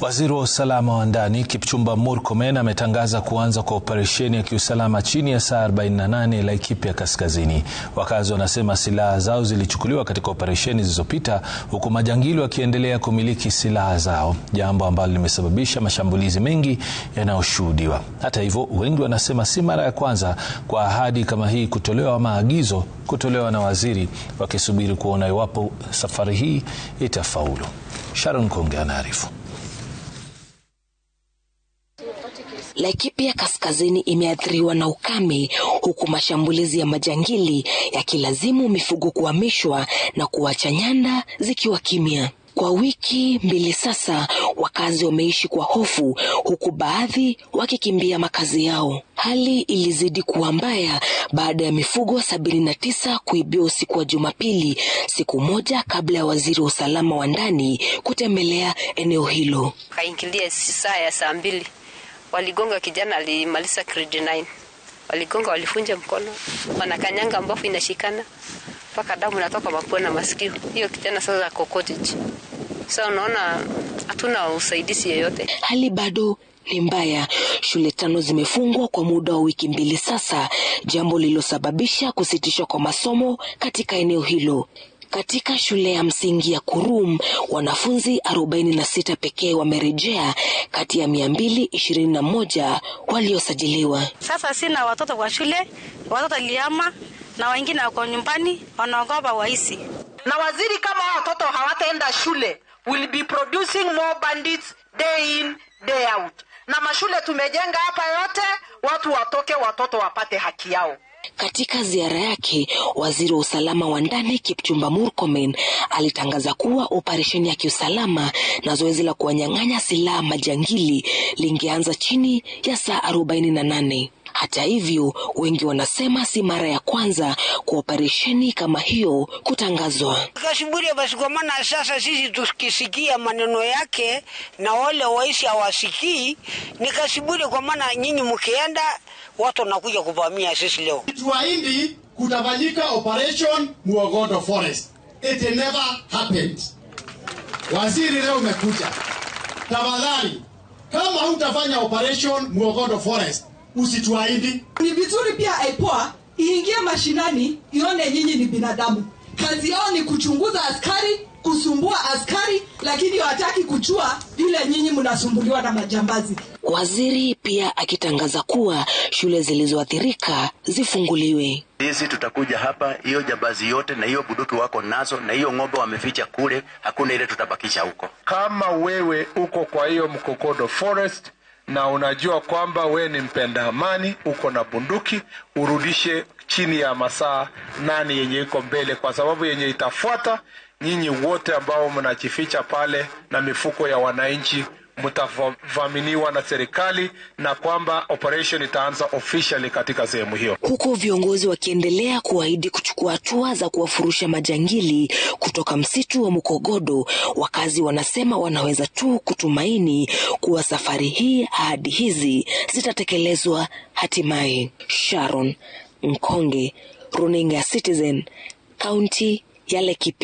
Waziri wa usalama wa ndani Kipchumba Murkomen ametangaza kuanza kwa operesheni ya kiusalama chini ya saa 48 Laikipia Kaskazini. Wakazi wanasema silaha zao zilichukuliwa katika operesheni zilizopita, huku majangili wakiendelea kumiliki silaha zao, jambo ambalo limesababisha mashambulizi mengi yanayoshuhudiwa. Hata hivyo, wengi wanasema si mara ya kwanza kwa ahadi kama hii kutolewa, maagizo kutolewa na waziri, wakisubiri kuona iwapo safari hii itafaulu. Sharon Konge anaarifu. Laikipia Kaskazini imeathiriwa na ukame, huku mashambulizi ya majangili yakilazimu mifugo kuhamishwa na kuacha nyanda zikiwa kimya. Kwa wiki mbili sasa, wakazi wameishi kwa hofu, huku baadhi wakikimbia makazi yao. Hali ilizidi kuwa mbaya baada ya mifugo tisa kuibiwa usiku wa Jumapili, siku moja kabla ya waziri wa usalama wa ndani kutembelea eneo hilo. Kaingilia saa ya saa mbili waligonga kijana, alimaliza grade 9 waligonga, walifunja mkono, wanakanyanga mbavu inashikana mpaka damu inatoka mapua na masikio. Hiyo kijana sasa ako cottage. Sasa unaona hatuna usaidizi yoyote. Hali bado ni mbaya. Shule tano zimefungwa kwa muda wa wiki mbili sasa, jambo lililosababisha kusitishwa kwa masomo katika eneo hilo. Katika shule ya msingi ya Kurum, wanafunzi 46 pekee wamerejea kati ya 221 waliosajiliwa. Sasa sina watoto kwa shule, watoto liama na wengine wako nyumbani, wanaogopa waisi na waziri. Kama watoto hawataenda shule, will be producing more bandits day in day out na mashule tumejenga hapa yote, watu watoke, watoto wapate haki yao. Katika ziara yake, waziri wa usalama wa ndani Kipchumba Murkomen alitangaza kuwa operesheni ya kiusalama na zoezi la kuwanyang'anya silaha majangili lingeanza chini ya saa nane. Hata hivyo, wengi wanasema si mara ya kwanza kwa operesheni kama hiyo kutangazwa. basi, kwa maana sasa sisi tukisikia maneno yake na wale waisi hawasikii ni kasiburi, kwa maana nyinyi mkienda watu wanakuja kuvamia sisi. Leo Tuahidi kutafanyika operation Muogodo Forest. It never happened. Waziri leo umekuja, tafadhali kama hutafanya operation Muogodo Forest usituahidi. Ni vizuri pia epoa eh, iingie mashinani, ione nyinyi ni binadamu. Kazi yao ni kuchunguza askari, kusumbua askari, lakini hawataki kuchua vile nyinyi mnasumbuliwa na majambazi. Waziri pia akitangaza kuwa shule zilizoathirika zifunguliwe. Sisi tutakuja hapa, hiyo jambazi yote na hiyo buduki wako nazo na hiyo ng'ombe wameficha kule, hakuna ile tutabakisha huko. Kama wewe uko kwa hiyo Mkokodo Forest na unajua kwamba we ni mpenda amani, uko na bunduki, urudishe chini ya masaa nane yenye iko mbele, kwa sababu yenye itafuata, nyinyi wote ambao mnajificha pale na mifuko ya wananchi mtavaminiwa na serikali na kwamba operation itaanza officially katika sehemu hiyo, huku viongozi wakiendelea kuahidi kuchukua hatua za kuwafurusha majangili kutoka msitu wa Mukogodo. Wakazi wanasema wanaweza tu kutumaini kuwa safari hii ahadi hizi zitatekelezwa hatimaye. Sharon Mkonge, runinga Citizen, kaunti ya Laikipia.